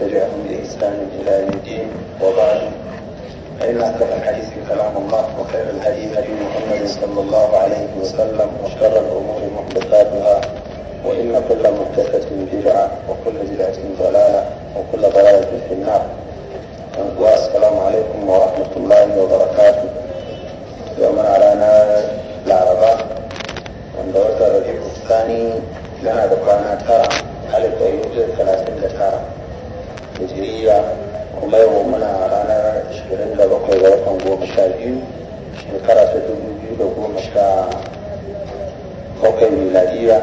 تبعهم بإحسان إلى الدين وبعد فإن أحدث الحديث كلام الله وخير الهدي هدي محمد صلى الله عليه وسلم وشر الأمور محدثاتها وإن كل محدثة بدعة وكل بدعة ضلالة وكل ضلالة في النار والسلام عليكم ورحمة الله وبركاته يوم أرانا العرباء عند دورة الرجل الثاني لنا دقانا ترى على الأيوب hijiriya kuma yau muna ranar 27 ga watan goma sha biyu shekara ta dubu biyu da goma sha bakwai miladiya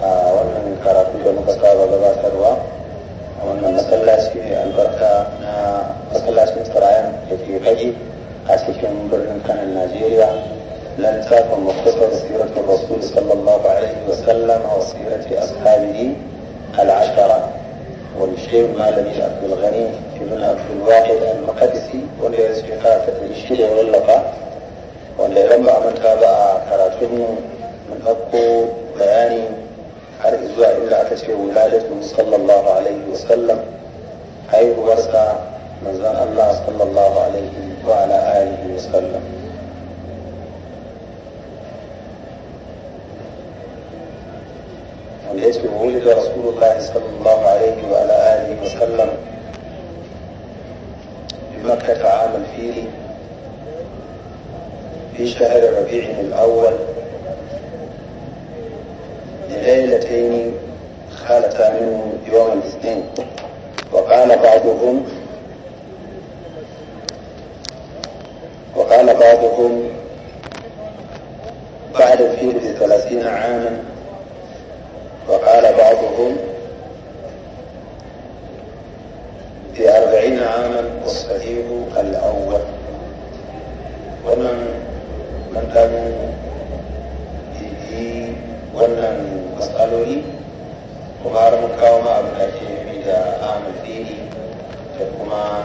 a wannan karatu da muka saba gabatarwa a wannan masallaci ne albarka na masallacin tsirayen da ke kaji a cikin birnin kanan najeriya لن تكن مختصر da الرسول صلى الله عليه وسلم وسيرة أصحابه al'ashara الشيخ مالك عبد الغني ابن عبد الواحد المقدسي واللي يسجي قراءة واللقاء واللي لما من تابع قراءتهم من أبقوا بياني على إزواء إلا تسجي ولادة صلى الله عليه وسلم حيث ورثة من زمان الله صلى الله عليه وعلى آله وسلم بحيث ولد رسول الله صلى الله عليه وعلى آله وسلم بمكة عام الفيل في شهر ربيع الأول لليلتين خالتا منه يوم الاثنين وقال بعضهم وقال بعضهم بعد الفيل بثلاثين عاما وقال بعضهم في أربعين عاما الأول ومن من كانوا wannan matsaloli kuma har mun kawo ma abu da ke da da kuma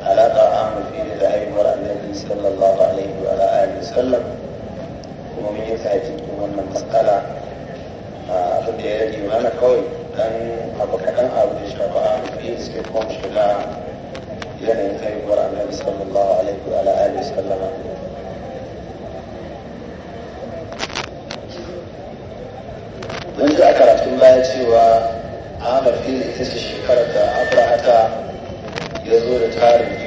alaƙa da haihuwar annabi sallallahu alaihi wa alihi sallam kuma mun yi wannan matsala abin da ya rage mana kawai dan abu kaɗan abu da shafa a suke kuma shiga yanayin haihuwar annabi sallallahu alaihi wa alihi sallama mun ji a karatun baya cewa Ahmad Fili ita ce shekarar da Abraha ya zo da tarihi.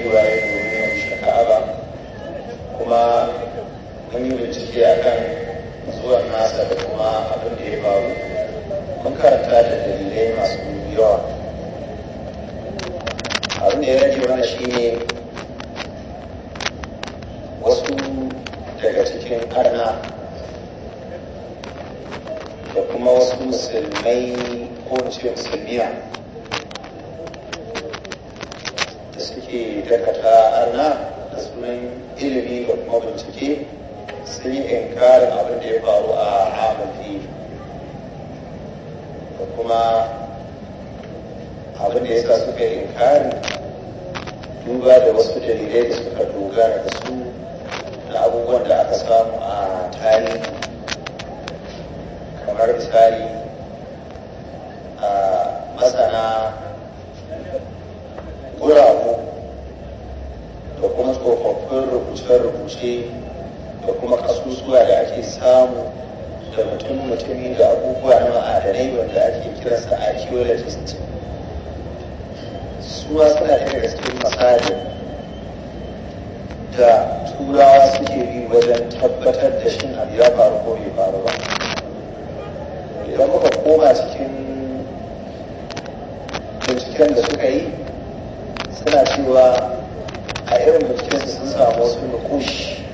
bincike su sun samu wasu nukushi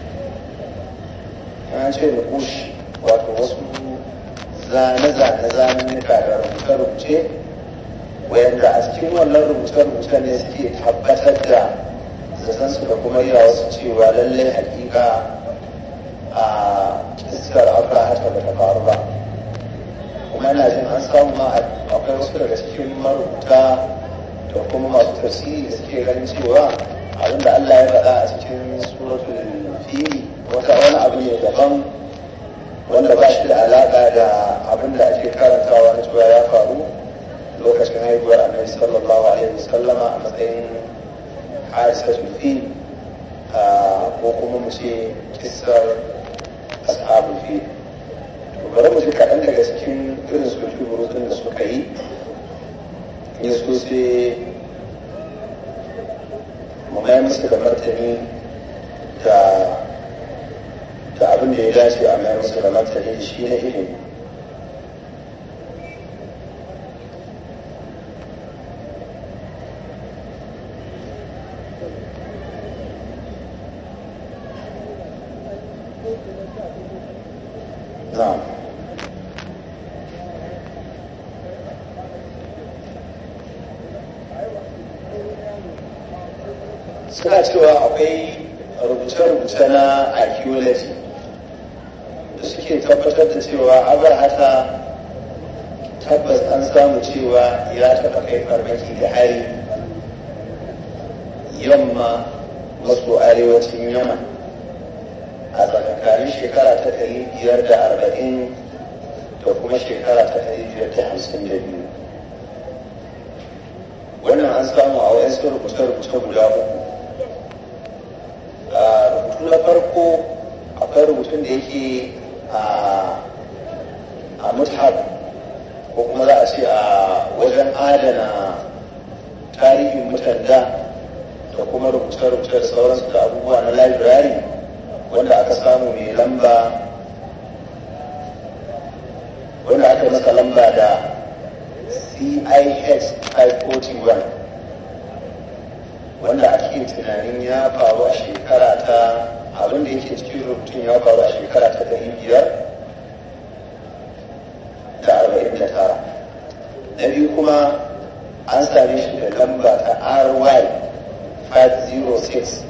an ce nukushi wato wasu zane-zane na kada rubuce-rubuce wayanda a cikin wannan rubuce-rubuce ne suke tabbatar da zatansu da kuma yi wasu cewa lallai hakika a iskar abuwa hata da ta faru ba kuma yana jin an samu ma akwai wasu daga cikin marubuta da kuma masu tasiri da suke ganin cewa abinda Allah ya faɗa a cikin suratul fili wata wani abu ne daban wanda ba shi da alaƙa da abinda ake karantawa na cewa ya faru lokacin haihuwar annabi sallallahu alaihi wasallama a matsayin su fi, ko kuma mu ce kisar ashabu fi bari mu ji kaɗan daga cikin irin su da suka yi sai mayan masu da martani ta abin da ya dace a mayar musu da martani shi ne ilimi kuma za a ce a wajen adana tarihin mutanda da kuma rubuce-rubuce da sauransu da abubuwa na library wanda aka samu mai lamba wanda aka yi masa lamba da CIS 541 wanda ake tunanin ya faru a shekara ta abinda yake cikin rubutun ya faru a shekara ta kuma an same shi da lamba ta ry 506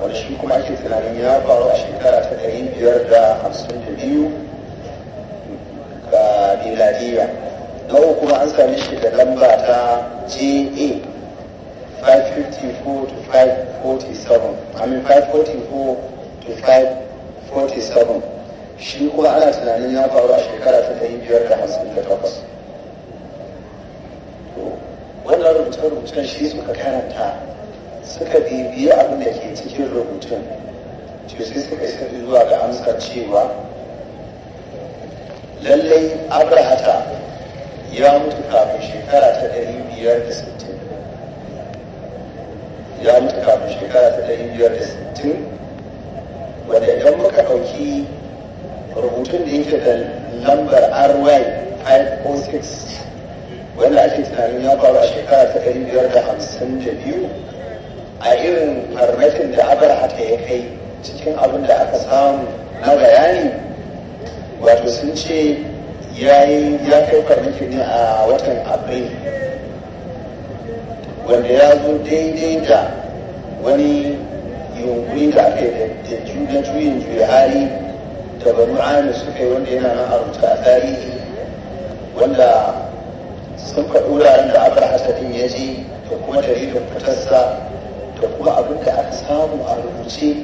wanda shi kuma ake tunanin ya faru a shekara ta biyu ga miladiya na uku kuma an same shi da lamba ta ja 554 547 544 547 shi kuma ana tunanin ya faru a shekara ta biyar hamsin da takwas. rubutun shi suka karanta suka bibiyi abin da ke cikin rubutun to sai suka isa zuwa ga amsa cewa lallai abrahata ya mutu kafin shekara ta ɗari biyar da sittin ya mutu kafin shekara ta ɗari biyar da sittin wanda idan muka ɗauki rubutun da yake da lambar ry 506 wanda ake tunanin ya faru a shekara ta ɗari biyar da hamsin da biyu a irin farmakin da abar haka ya kai cikin abin da aka samu na bayani wato sun ce ya yi ya kai farmaki ne a watan abin wanda ya zo daidai da wani yunkuri da aka yi da juyin juya hali da banu suka yi wanda yana nan a rubuta a tarihi wanda sun faɗo yaran da aka hasafin ya ji da kuma dalilin fitarsa da kuma abin da aka samu a rubuce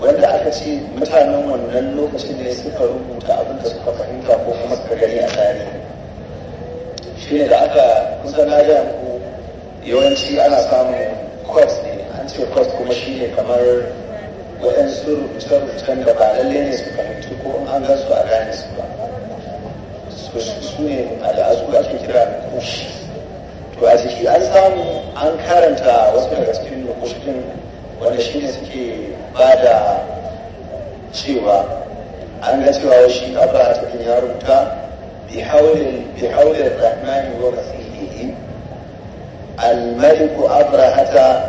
wanda aka ce mutanen wannan lokacin ne suka rubuta abin da suka fahimta ko kuma suka gani a tsari. shi ne da aka kusa na ja muku yawanci ana samun kwas ne an ce kwas kuma shi ne kamar waɗansu rubuce-rubucen da ba lalle ne su fahimci ko in an gan su a gane su ba su ne ake kira nukushi to a ciki an samu an karanta wasu daga cikin nukushin wanda shi ne suke ba da cewa an ga cewa shi kafa ta ya rubuta al الرحمن ورسوله الملك أبرهة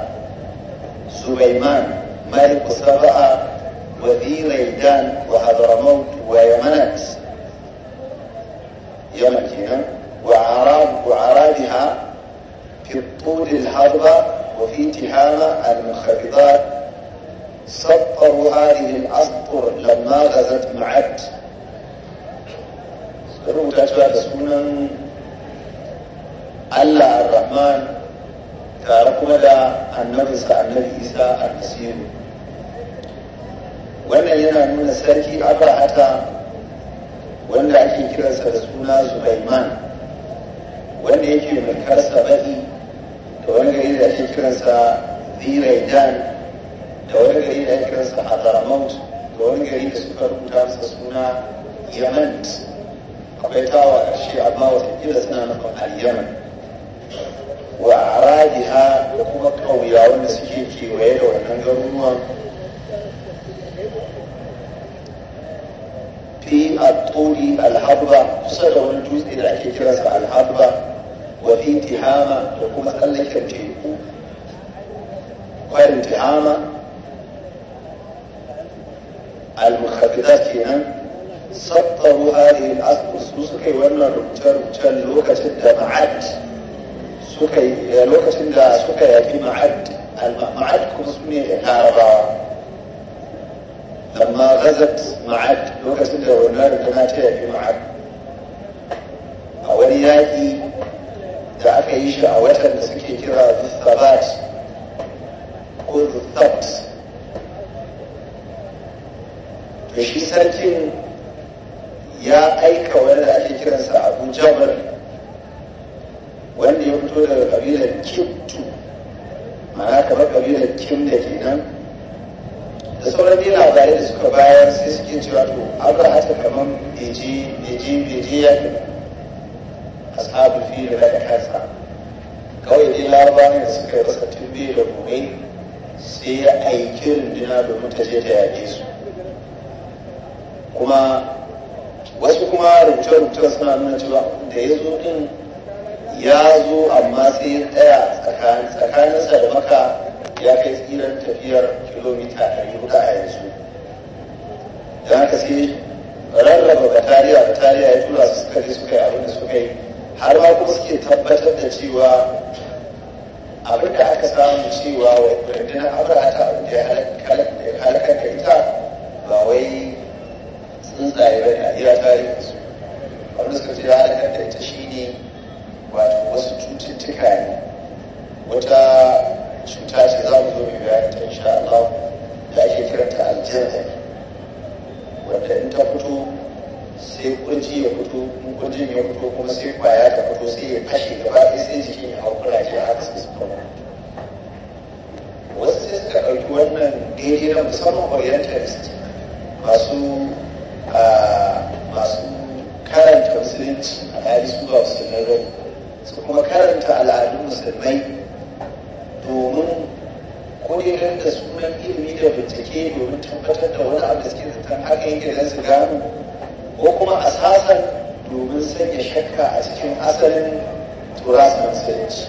سليمان ملك سبأ وذي ريدان وهضرموت ويمنات جمعتها وعراب وعرادها في طول الهضبة وفي تهامة المنخفضات سطر هذه الأسطر لما غزت معد سروا تجبال سنن ألا الرحمن تاركم لا النفس النبي إساء المسيح وأنا لنا من سركي حتى wanda ake kiransa da suna Sulaiman wanda yake karsa baki da wani gari da ake kiransa Ziraidan da wani gari da ake kiransa Azaramaut da wani gari da suka rubuta masa suna Yamant akwai tawa ƙarshe amma wata watakila suna na al-Yaman wa arabiha da kuma ƙauya da suke kewaye da wannan garuruwan في الطول العضبة صغر الجزء التي ترفع العضبة وفي انتهامة تقوم أقل شيء وفي انتهامة المخفضات هنا سطر هذه الأرض سوسكي وأن الرجال رجال لوكا سد معد سوكي لوكا سد سوكي في معد المعد كمسمية هذا amma غزت معاد lokacin da wannan tana ta yafi ma'ad a wani yaƙi da aka yi shi a watan da suke kira Zustabat ko Zustabat to shi sarkin ya aika wani da ake kiransa Abu Jabal wanda ya fito daga kabilar Kiptu ma'ana kamar kabilar Kim da ke nan sauran dai labarai da suka bayar sai suke cewa to an ra'ata kamar beje beje beje ya ke ashabu fi da daga kansa kawai dai labarin da suka yi masa tumbe da gobe sai ya aiki rundina domin ta je ta yaƙe su kuma wasu kuma rubuce-rubuce suna nuna cewa da ya zo din ya zo amma sai ya tsaya tsakaninsa da maka ya kai tsiran tafiyar kilomita ɗari huɗu a yanzu don haka sai rarraba batariya batariya ya tura su suka je suka yi abin da suka yi har ma kuma suke tabbatar da cewa abin da aka samu cewa rundunar amurka ta abin da ya halakar da ita ba wai tsuntsaye ba da a iya tarihinsu abin da suka ce ya halakar da ita shine wato wasu cututtuka ne wata cuta ce za mu zo mu bayani ta insha Allah da ake kiranta aljanna wanda in ta fito sai kunji ya fito in kunji ya fito kuma sai kwaya ta fito sai ya kashe gaba ɗaya sai jiki ya hau kuraje haka sai su wasu sai suka ɗauki wannan daidai na musamman orientalist masu masu karanta musulunci a yari su ba su kuma karanta al'adun musulmai domin koyar da sunan ilimi da bincike domin tabbatar da wani abu da suke zaton haka yake da su gano ko kuma a sasan domin sanya shakka a cikin asalin turasa musulunci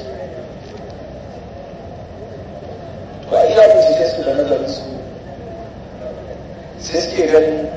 to a iya bincike su da nazarin su sai suke ganin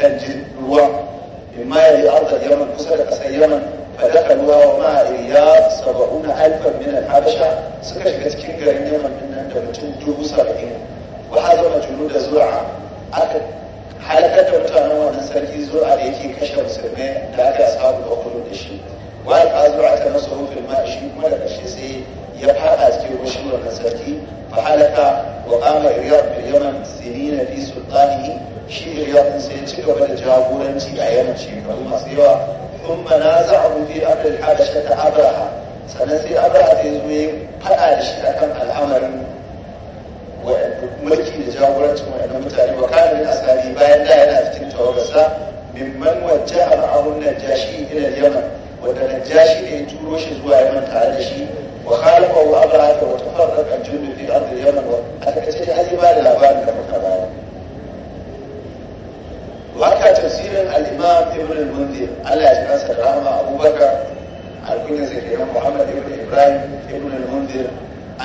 akan ruwa bima ya yi arzar yaman kusa da ƙasar yaman fadakaluwa wa ma'ariya saba'un alfan min al-habasha suka shiga cikin garin yaman din nan da mutum dubu saba'in wa hazama tunu da zuwa aka halakar da mutanen wannan sarki zuwa da yake kashe musulmai da aka samu a kudu da shi wa al-azura ta masu rufin ma shi kuma da kashe sai ya fada cikin rushin wannan sarki fa halaka wa qama riyad bil yaman sinina fi sultani shi ne ya sai ci gaba da jagoranci a yammaci bari masu yawa kun mana za a rufe abdul hadash ta abraha sannan sai abraha sai zo ya faɗa da shi a kan al'amarin maki da jagorancin waɗannan mutane wa kanin asali bayan da yana cikin tawagarsa mimman wajja al'arun najashi ila yaman wanda na najashi ne ya turo shi zuwa yaman tare da shi wa khalafa wa abraha wa tafarraqa jundu fi ardi yaman wa aka ce ai ba da labarin da muka bayar tafsirin al-imam ibn al mundir Allah ya kansa rahama abubakar alkunya zai kai muhammad ibn ibrahim ibn al an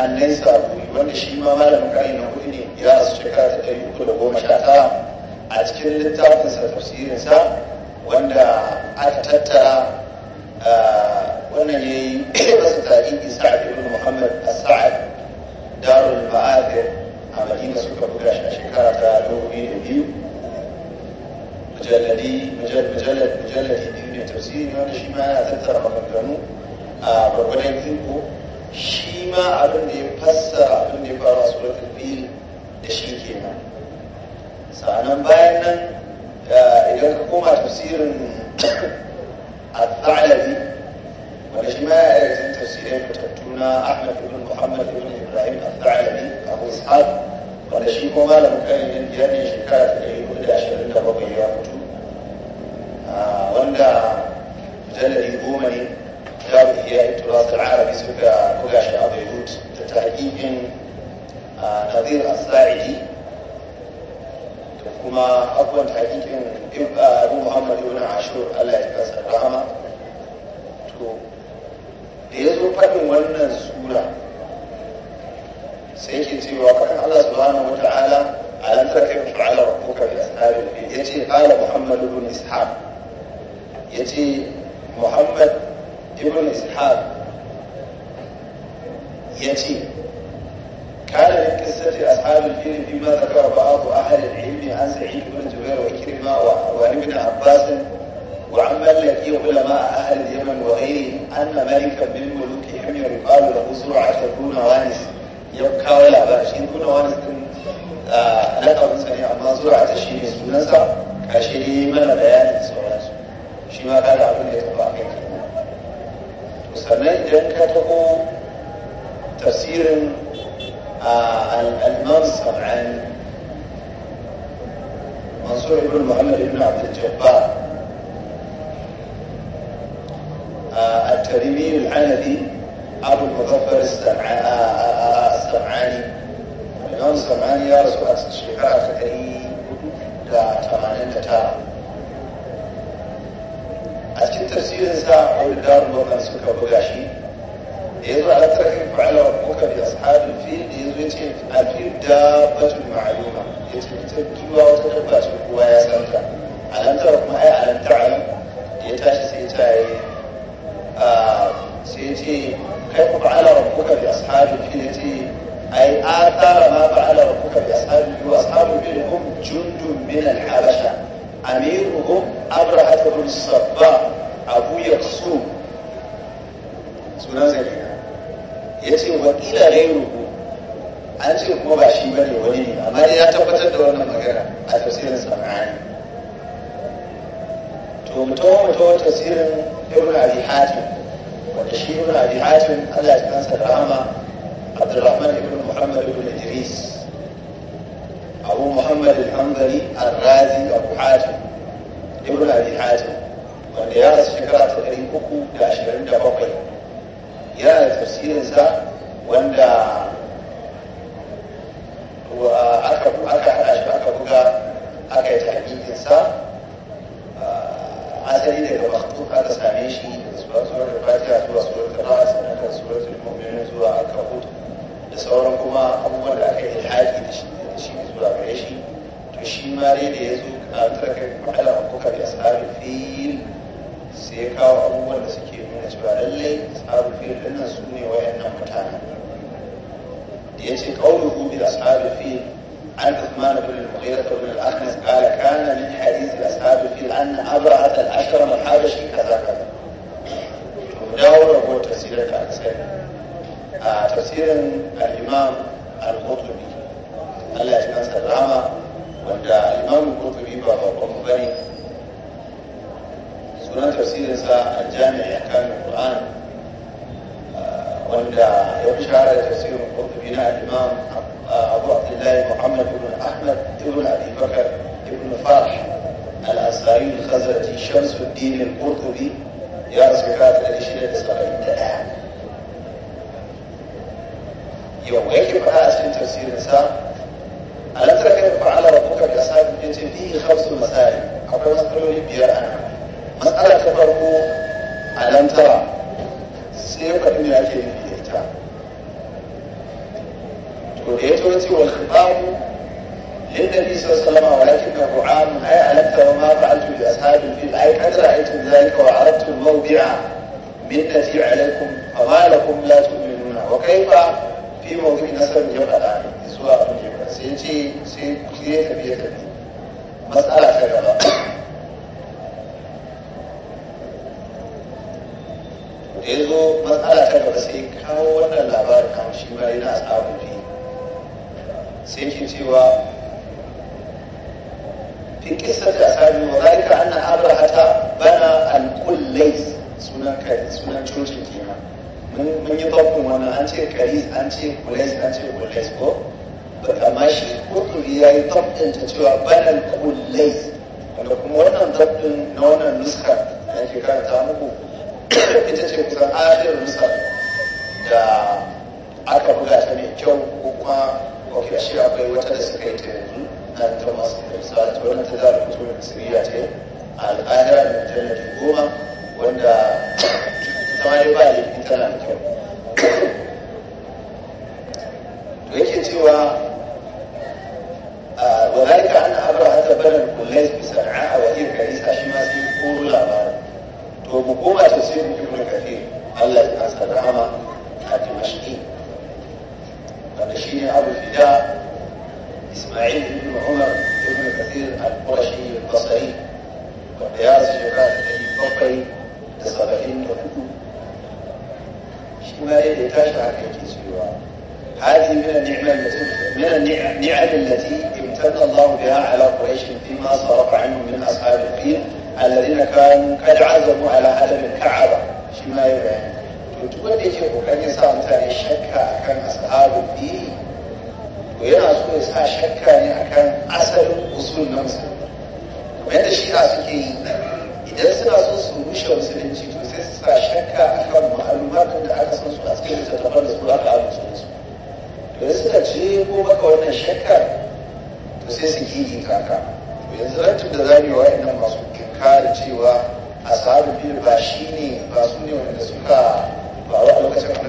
annai sabu wanda shi ma malamin karin na kuɗi ne ya su cika ta ɗari uku da goma sha ta a cikin tafsirin sa wanda aka tattara wannan yayi yi wasu tarihi sa'ad ibn muhammad as-sa'ad darul ma'adir a madina suka buga shi a shekara ta dubu biyu mujalladi mujallad mujalladi biyu ne tafsiri wanda shi ma yana tattara maganganu a gwagwajen zinko shi ma abin da ya fassara abin da ya faru a suratul fil da shi kenan sanan bayan nan idan ka koma tafsirin al-thalabi wanda shi ma yana cikin tafsirin fitattu na Ahmad ibn Muhammad ibn Ibrahim al-Thalabi Abu Ishaq wanda shi ko malamin kanin gidan ne shekara ta ɗari hudu da ashirin da bakwai ya mutu ah, wanda mujalladi goma ne za su iya iturasul arabi suka buga shi a beirut da taƙiƙin ah, nazir as-sa'idi da kuma abubuwan taƙiƙin ah, abu muhammad ibn ashur allah ya kasa rahama to da ya zo faɗin wannan sura sai yake cewa faɗin Allah subhanahu wa ta'ala alam ربك kai الفيل rabbuka bi ashabil fil yace qala muhammad ibn ishaq yace قال من قصة أصحاب الفيل فيما ذكر بعض أهل العلم عن سعيد بن جبير وكرمة وعن ابن عباس وعما الذي علماء أهل اليمن وغيرهم أن ملكا من ملوكهم يقال له سرعة دون وانس ya kawo labari shi kuna wani sun lakabin sa ne amma zura ta shi ne sunansa kashe ne mana bayanin sauransu shi ma kada abin da ya taɓa kai kenan to sannan idan ka taɓo tafsirin al-imam sab'ani منصور بن محمد بن عبد الجبار الترميم العنبي أبو المظفر السمعاني الإمام السمعاني يا رسول الله شكرا فكري كتمانين تتارا أشكي تفسير إنساء أو الدار الوطن سكا بغاشي يزوى على ترك فعل ربك بأصحاب الفيل يزوى يتكلم الفيل دابة المعلومة يتكلم تبكيوا وتكبات يا سنفا ألم ترك ما ألم تعلم يتاشي سيتاي آه sai ce kai ku fa'ala rabbuka bi ashabi fil yace ai athara ma fa'ala rabbuka bi ashabi wa ashabu fil hum jundun min al habasha amiruhum abrahat bin sabba abu yaksu sunan zai yace wa qila ghayruhu an ce kuma ba shi bane wani ne amma dai ya tabbatar da wannan magana a tafsirin sana'ani to mutum mutum tasirin ibn abi hatim wanda shi ibn abi Allah ya kansa rahama Abdurrahman ibn Muhammad ibn Idris Abu Muhammad al-Hanbali al-Razi Abu Hatim ibn abi hatim wanda ya rasu shekara ta uku da ashirin da bakwai yana da tafsirinsa wanda aka aka haɗa shi aka buga aka yi asali daga maktuk aka same shi da surat al-fatiha zuwa surat al-ras sannan surat al-mu'minin zuwa al-kabut da sauran kuma abubuwan da aka yi ilhaji da shi da shi zuwa gare shi to shi ma dai da ya zo a tarka mahala kuka bi ashabul fil sai ya kawo abubuwan da suke nuna cewa lallai ashabul fil dinnan su ne wayannan mutane da ya ce kauluhu bi ashabul fil عن عثمان بن المغيرة بن الأخنس قال كان من حديث الأصحاب الفيل أن أبرعة الأشرم الحبشي كذا كذا دور هو تفسير آه تفسير الإمام القطبي Allah ya masa rama wanda imamu kurkuri ba babban mu bane sunan tafsirinsa a jami'a kan Qur'an وانت يقول على تفسير القرطبي مع الامام ابو عبد الله محمد بن احمد بن ابي بكر بن فرح الاسرائيل الخزرجي شمس الدين القرطبي يا صفات الاشياء الاسرائيليه الان يوم يجب على اسم تفسير الانسان الا ترى كيف فعل ربك كسائر الجنس فيه خمس مسائل او كما تقول لي مساله تقرب الم ترى sai ya faɗi me ake nufi da ita to da ya zo ce wal khitabu lin nabi sallallahu alaihi walakin na qur'an ay alaka wa ma fa'altu bi ashabi fil ay qad ra'aytu dhalika wa aradtu al mawdi'a minnati alaykum fama lakum la tu'minuna wa kayfa fi mawdi'i nasr yawm al zuwa abin da sai ce sai ya tafi ya tafi matsala ta gaba da ya zo gaba sai kawo wannan labarin kan shi ma yana ashabu ne sai ke cewa fi kissa ta ashabu wa zalika anna abrahata bana al-qullais sunan kari sunan cocin kenan mun yi bakkun wannan an ce kari an ce kulais an ce kulais ko amma shi kurkuri ya yi tabbanta cewa banan kullais wanda kuma wannan tabbin na wannan nuska da ke karanta muku ita ce kusan ayatul nuska da aka buga ta mai kyau ko kuma ofishi akwai wata da suka yi ta yanzu na ta masu kusa ta wani ta zara kusa da siriya ce al'ada da mutane goma wanda ta ma ba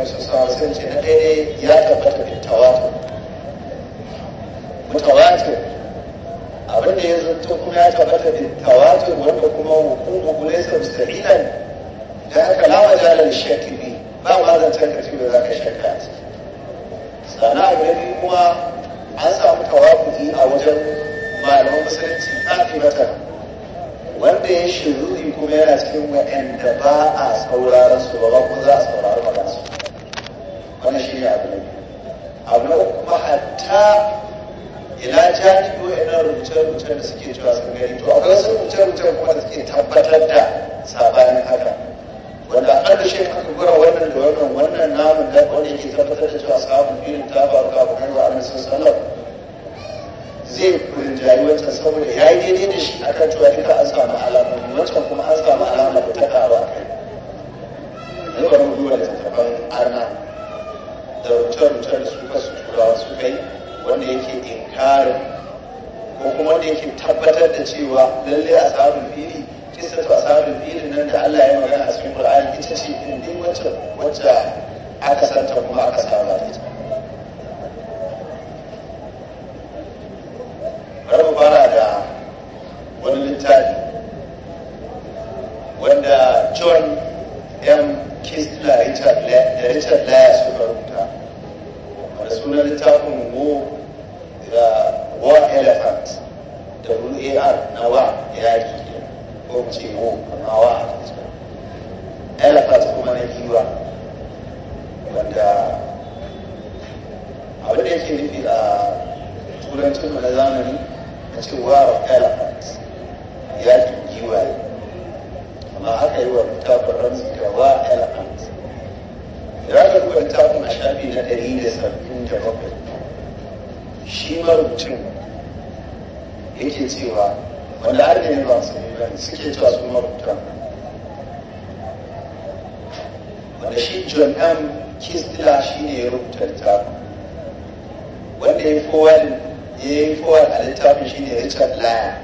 su sa sun ce na daidai ya tabbata da tawatur mutawatir abin da ya zanto kuma ya tabbata da tawatur wanda kuma hukumu gulaisar sa'ilan da haka lawa jalar shakki ne ba ma zancen ƙarfi da za ka shakka a ciki sana a gani kuma an samu tawakuti a wajen malaman musulunci kafi mata wanda ya shiru kuma yana cikin wa'anda ba a sauraron su ba ba kuma za a lazımıyla iski teşkilatının olduktan. Wanda shi John M. Kistila shi ne ya rubuta littafin. Richard Lyon.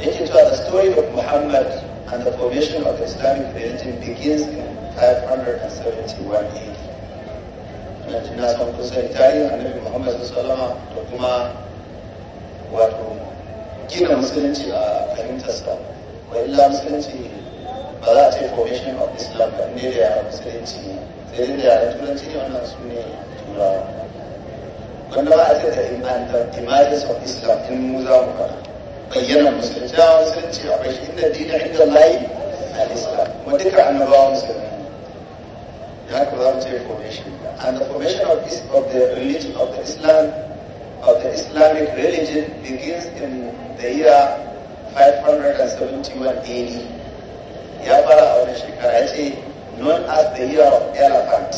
the story of Muhammad and the formation of Islamic religion begins in 571 AD. Ana jina son kusa tarihin Muhammad sallallahu alaihi da gina musulunci a fahimtarsa ba illa musulunci ba za a ce formation of islam ba ne da yara musulunci ne sai da yara turanci ne wannan su ne turawa wanda ba a ce ta images of islam in mu za mu Ba bayyana musulunci da musulunci a bashi inda dina inda layi al-islam kuma duka annabawa musulunci ya ka za mu ce formation and the formation of, of the religion of the islam of the Islamic religion begins in the year 571 AD. Ya fara a wani shekara ya known as the year of elephant.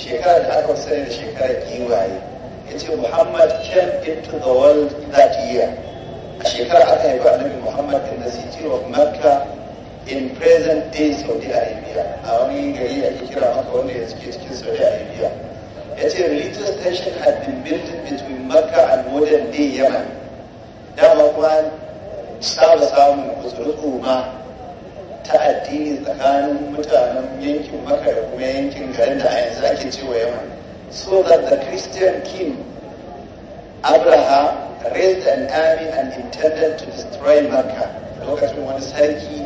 Shekara da aka sani da shekarar giwaye. Ya ce Muhammad came into the world that year. A shekara aka haifi annabi Muhammad in the city of Mecca in present day Saudi Arabia. A wani gari da ke kira maka wanda ya suke cikin Saudi Arabia. ya ce religious tension had been built between Makka and modern day Yemen dama kuma saba samun kusurku ma ta addini tsakanin mutanen yankin Makka da kuma yankin garin da a yanzu ake cewa Yemen so that the Christian king Abraham raised an army and intended to destroy Makka lokacin wani sarki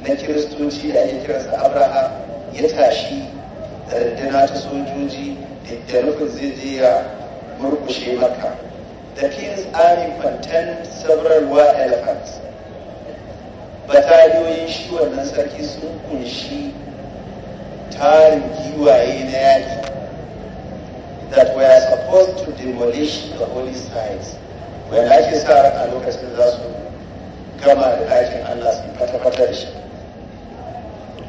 na kiristoci da ake kiransa Abraham ya tashi da rindina ta sojoji da nufin zai je ya murkushe maka the king's army contained several war elephants bataliyoyin shi wannan sarki sun kunshi tarin giwaye na yaƙi that were supposed to demolish the holy sites wanda ake sa a lokacin za su gama da ɗakin Allah su fata-fata da shi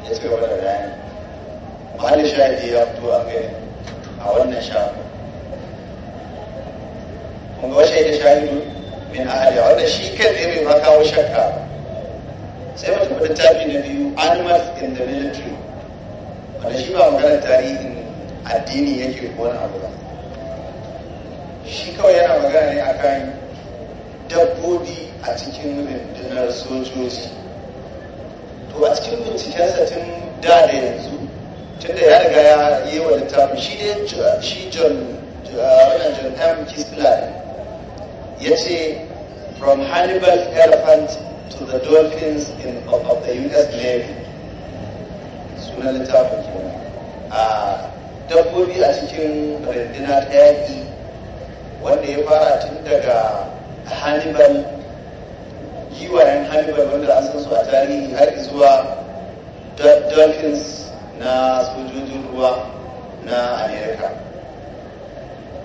ya ce wa da Wani shahidi ya fito a gari a wannan shafi kuma wa shahidu shahidu min ahali wanda shi kan mai ma kawo shakka sai mutum da tafi na biyu animals in the military wanda shi ba maganar tarihin addini yake ko wani abu ba shi kawai yana magana ne akan dabbobi a cikin rundunar sojoji to a cikin bincikensa tun da da yanzu tunda ya riga ya yi wa littafin shi ne shi john wannan john m kisblad ya ce from hannibal elephant to the dolphins in, of, of the us navy sunan littafin a dabbobi a cikin rindina yaƙi wanda ya fara tun daga hannibal giwayen hannibal wanda an san su a tarihi har zuwa dolphins na sojojin ruwa na America.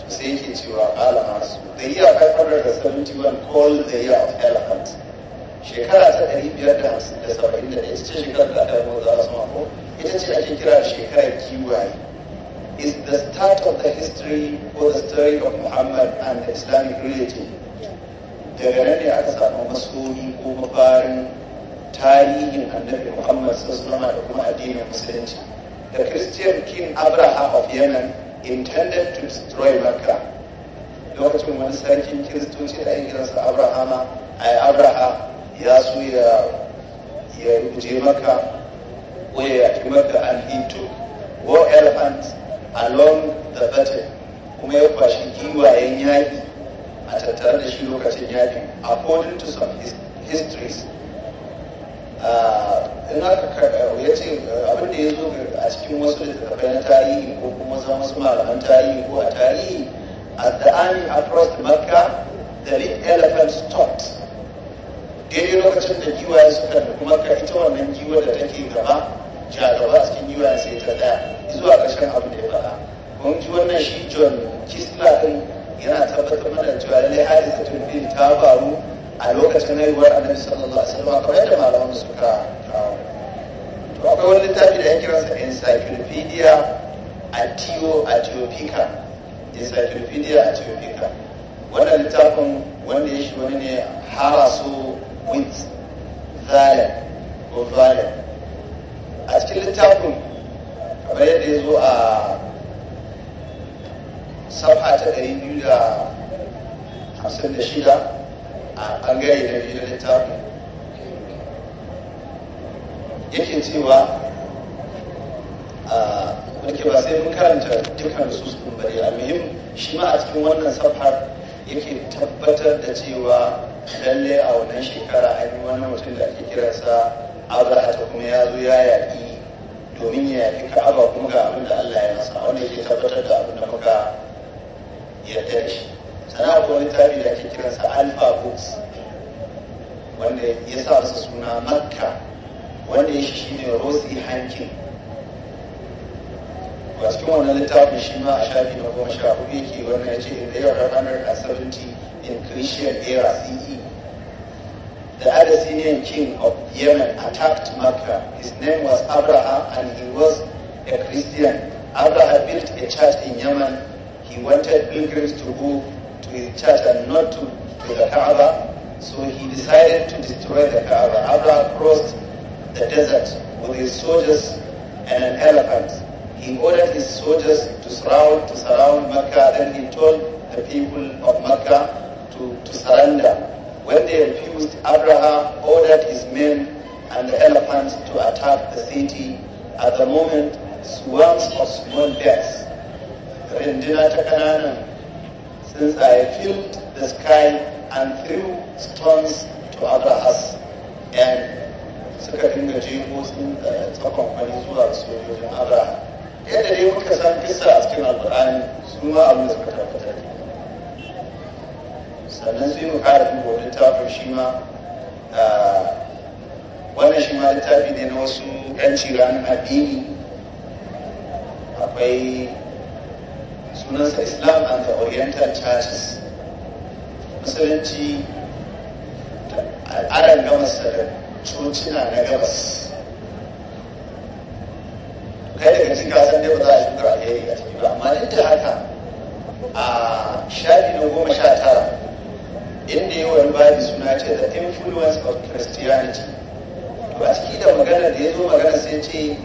to sai yake cewa kala masu the year 571 called the year of elephant shekara ta 551 ita ce shekarar da aka za su mako ita ce ake kira shekarar kiwaye is the start of the history or the story of Muhammad and Islamic religion. Daga nan ne aka samu masoyi ko mafarin tarihin annabi Muhammad sallallahu alaihi da kuma addinin musulunci. The Christian King Abraham of Yemen intended to destroy Makkah. Lokacin wani sarkin Kiristoci da ake kiransa Abrahama, ai Abraham ya so ya ya je Makkah ko ya yaki maka and he war elephant along the battle kuma ya kwashi giwayen yaƙi a tattare da shi lokacin yaƙi according to some histories Ah, in aka ya ce eh, abin da ya zo a cikin wasu littattafai na tarihi ko kuma zama wasu malaman tarihi ko a tarihi at the army approached makka the elephant stopped daidai lokacin da giwaye suka kuma ka ita wannan giwa da take gaba gaba a cikin giwaye sai ta da zuwa ƙarshen abin da ya faɗa kun ji wannan shi john kisla ɗin yana tabbatar mana da cewa lallai hadisatul fil ta faru a lokacin haihuwar annabi sallallahu alaihi wasallam kamar yadda malaman ka kawo ah, to akwai wani littafi da ya kira sa encyclopedia atio atiopica encyclopedia atiopica wannan littafin wanda ya shi wani ne haraso wins zalen ko zalen a cikin littafin kamar yadda ya zo a safa ta 256 hamsin da shida a ɓangare na biyu na littafin yake cewa a wake ba sai mun karanta dukkan su su bari a muhim shi ma a cikin wannan safar yake tabbatar da cewa lalle a wannan shekara an yi wani mutum da ake kiransa azahata kuma ya zo ya yaƙi domin ya yaƙi ka'aba kuma ga abin da Allah ya nasa wanda yake tabbatar da abin da muka yarda da shi sana ko wani tafi da ake kiransa alpha books wanda ya sa su suna makka wanda ya shi ne rosi hankin a cikin wannan littafin shi ma a shafi na goma sha hudu yake wanda ya ce da yau ranar a 70 in christian era ce The Abyssinian king of Yemen attacked Makkah. His name was Abraham and he was a Christian. Abraham built a church in Yemen. He wanted pilgrims to go with church and not to, to the Kaaba. So he decided to destroy the Kaaba. Abraham crossed the desert with his soldiers and an elephant. He ordered his soldiers to surround, to surround Mecca. Then he told the people of Mecca to, to surrender. When they refused, Abraham ordered his men and the elephants to attack the city. At the moment, swarms of small bears, since i fill the sky and threw stones to other us. And suka dinga jego tsuntsaye tsakon kwari zuwa sojojin other. Yadda dai muka san kisa a cikin Alƙur'ani su ma abin da suka tabbata ne. Sannan sai mu ƙara duba wani tafin shi ma wannan shi ma littafi ne na wasu 'yanci ranar addini akwai sunansa islam and the oriental churches musulunci da ana gamasa da cocina na gabas kai da cikin kasan dai ba za a yi kura alheri a ciki ba amma duk da haka a shafi na goma sha tara inda yi wani bayan suna ce the influence of christianity ba ciki da magana da ya zo magana sai ce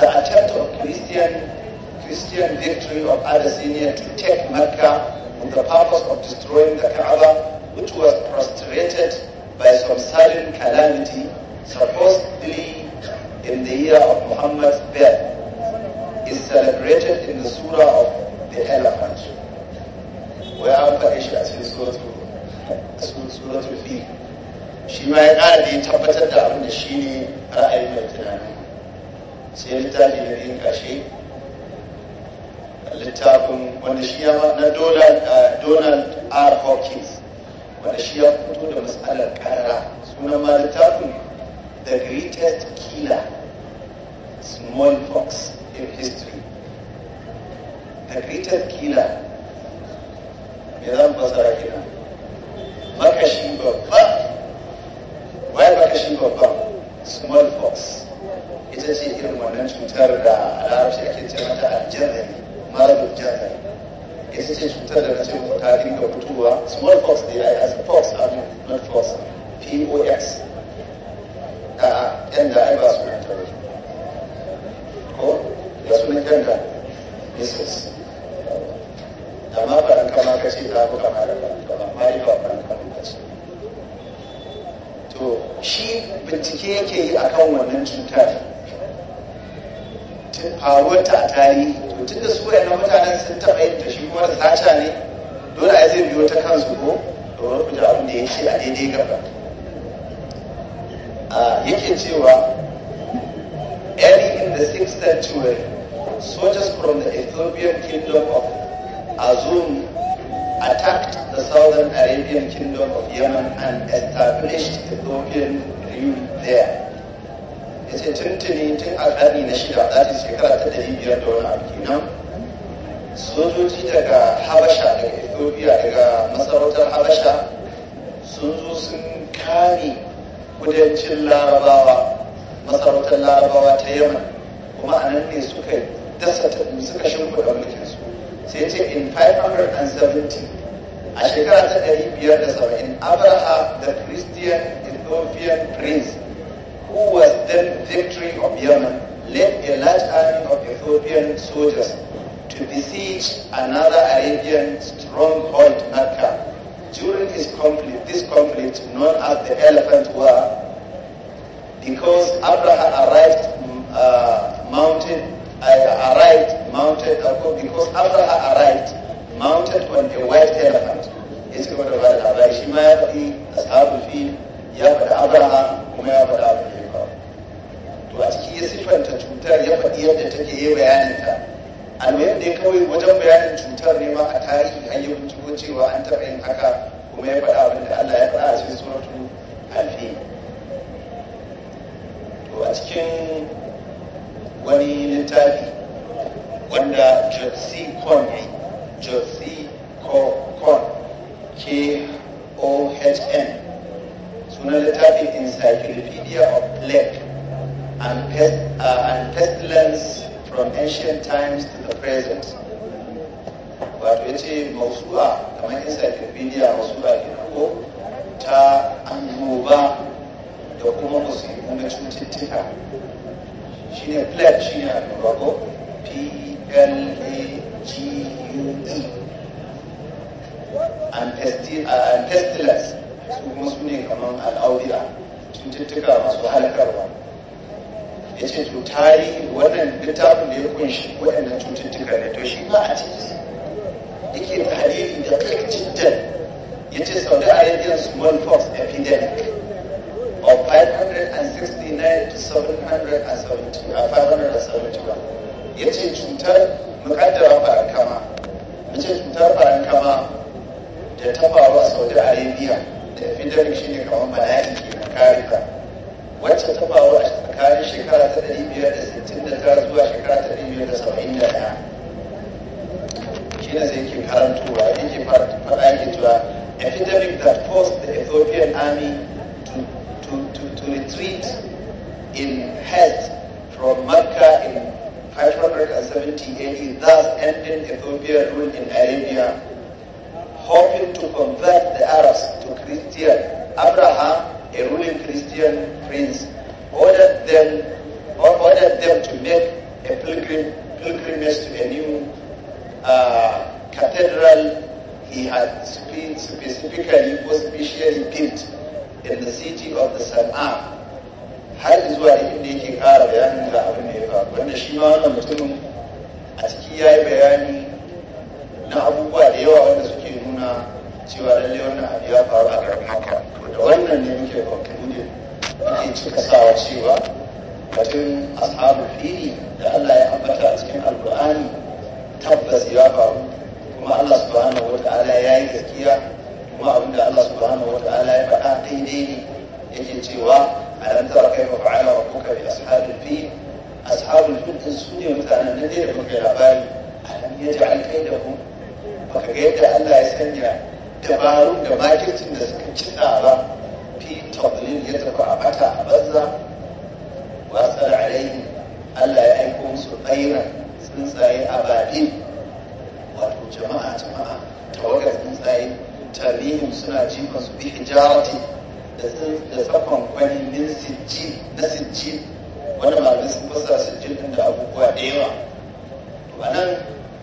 the attempt of christian Christian victory of Abyssinia to take Mecca on the purpose of destroying the Kaaba, which was prostrated by some sudden calamity, supposedly in the year of Muhammad's birth, is celebrated in the Surah of the Elephant. Where an faɗe as a cikin Surah Fil. Shi ma ya ƙara da ya tabbatar da abin da shi ne ra'ayin mai tunani. Sai littafi na in Kashi. littafin wanda shi ya na uh, donald r hawkins wanda shi ya fito da matsalar karara suna ma littafin the greatest killer Fox in history the greatest killer mai zan fasara kira makashi babba waye makashi babba Fox ita ce irin wannan cutar da a larabci ake ce mata aljazabi malamin jami'a ya su ce cutar da na ce mu ta dinga fitowa small cost ne ai as force amin not force pos a yanda ai ba su da ta ko da sunan janda business amma ba an kama ka ce za ku kama da ba amma yi ba ba an kama ka ce to shi bincike yake yi a kan wannan cutar faruwarta a tarihi su mutanen sun taɓa yin kuma da sata ne dole a zai biyo ta kansu ko domin ku abin da ya ce a daidai gaba yake cewa early in the 6th century soldiers from the Ethiopian kingdom of Azum attacked the southern Arabian kingdom of Yemen and established Ethiopian rule there. ce tuntuni tun a ƙari na shida za ta shekara ta ɗari biyar da wani abu kenan sojoji daga habasha daga ethiopia daga masarautar habasha sun zo sun kare kudancin larabawa masarautar larabawa ta yamma kuma a nan ne suka dasa suka shimfiɗa mulkinsu sai ce in 570 a shekara ta 570 abraha the christian ethiopian prince who was then victory of Yemen, led a large army of Ethiopian soldiers to besiege another Arabian stronghold, Mecca. During this conflict, this conflict, known as the Elephant War, because Abraham arrived mm, uh, mounted, uh, arrived mounted, uh, because Abraham arrived mounted on a white elephant. It's called a white elephant. ya faɗi abraha kuma ya faɗi abu da ya to a ciki ya siffanta cutar ya faɗi yadda take yi bayaninta a me da ya kawai wajen bayanin cutar ne ma a tarihi an yi binciko cewa an taɓa yin haka kuma ya faɗi abin da Allah ya faɗa a cikin suratu alfi to a cikin wani littafi wanda jersey kwan ya cewa lalle wannan abu ya faru a garin haka to da wannan ne muke conclude muke cika sawa cewa batun ashabul fili da Allah ya ambata a cikin alkur'ani tabbas ya faru kuma Allah subhanahu wata'ala ya yi gaskiya kuma da Allah subhanahu wata'ala ya faɗa daidai ne yake cewa alam tara kaifa fa'ala rabbuka bi ashabil fil ashabul fil su ne mutanen da da muke labari alam baka ga yadda Allah ya sanya dabarun da marketing da suka ci ba fi tablil ya tafi a bata a banza wasar alaihi Allah ya aiko musu ɗaira tsuntsaye a baɗi? wato jama'a jama'a tawagar tsuntsaye tarihin suna jifan su bi hijarati da tsakon kwanin min na sijji wani malamin sun fasa sijjin da abubuwa da yawa to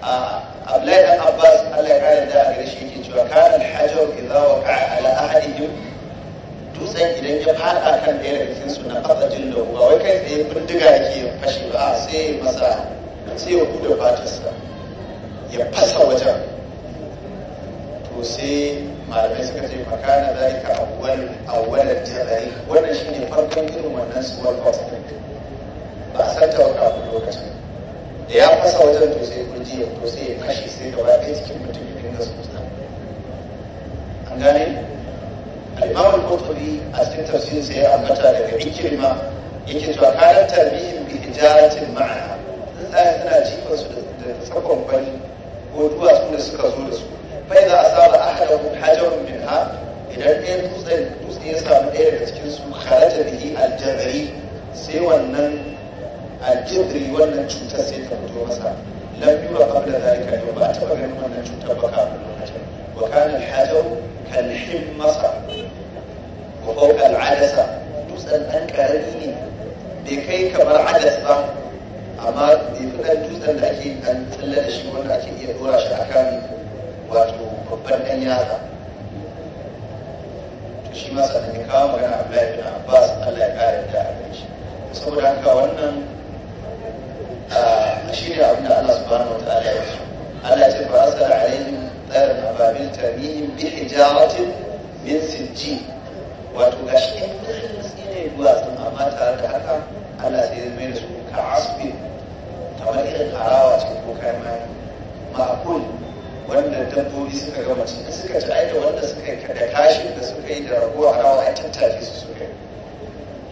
a Abdullahi dan Abbas Allah ya kare da a gare shi yake cewa kana al-hajar idza waqa'a ala ahadihim dutsen idan ya fada kan ɗaya daga cikin su na fasa jin da ba wai kai tsaye bindiga yake fashe ba sai masa sai ya huda fatarsa ya fasa wajen to sai malamai suka ce makana zalika awwal awwalan jazari wannan shine farkon irin wannan suwar box ba a san lokacin da ya fasa wajen to sai kurji ya to sai ya fashe sai gaba ɗaya cikin mutum ya dinga tsotsa an gane al-imam al-qurtubi a cikin tafsirin sai ya ambata daga ikrima yake cewa kayan tarihin bi ijaratin ma'ana tsuntsaye tana jifa su da tsakon bani ko duwatsu da suka zo da su fai za a saba ahadahu hajarun min ha idan ɗaya dutsen dutse ya samu ɗaya daga cikin su kharaja bihi al sai wannan a jirgin wannan cutar sai ta fito masa lam yura qabla zalika yau ba taɓa ganin wannan cutar ba ka ba wa kana al-hajar kal himmasa wa fawqa al-adasa dutsen an karani ne bai kai kamar adas ba amma bai fi dan dutsen da ake an tsalle da shi wanda ake iya dora shi akan wato babban dan yatsa shi ma sanin ya kawo magana Abdullahi bin Abbas Allah ya kare da abin saboda haka wannan shi ne abin da Allah subhanahu wa ta'ala ya so Allah ce fa alaihim tsarin ababil tarihim bi hijaratin min sijji wato gashi ɗan ƙarfi ne duwatsun amma tare da haka Allah sai zai mai su ka asbi kamar irin harawa ce ko kayan mayan ma'akul wanda dabbobi suka gama cin suka ci aida wanda suka yi da kashin da suka yi da ragowa harawa ya tattafe su suka yi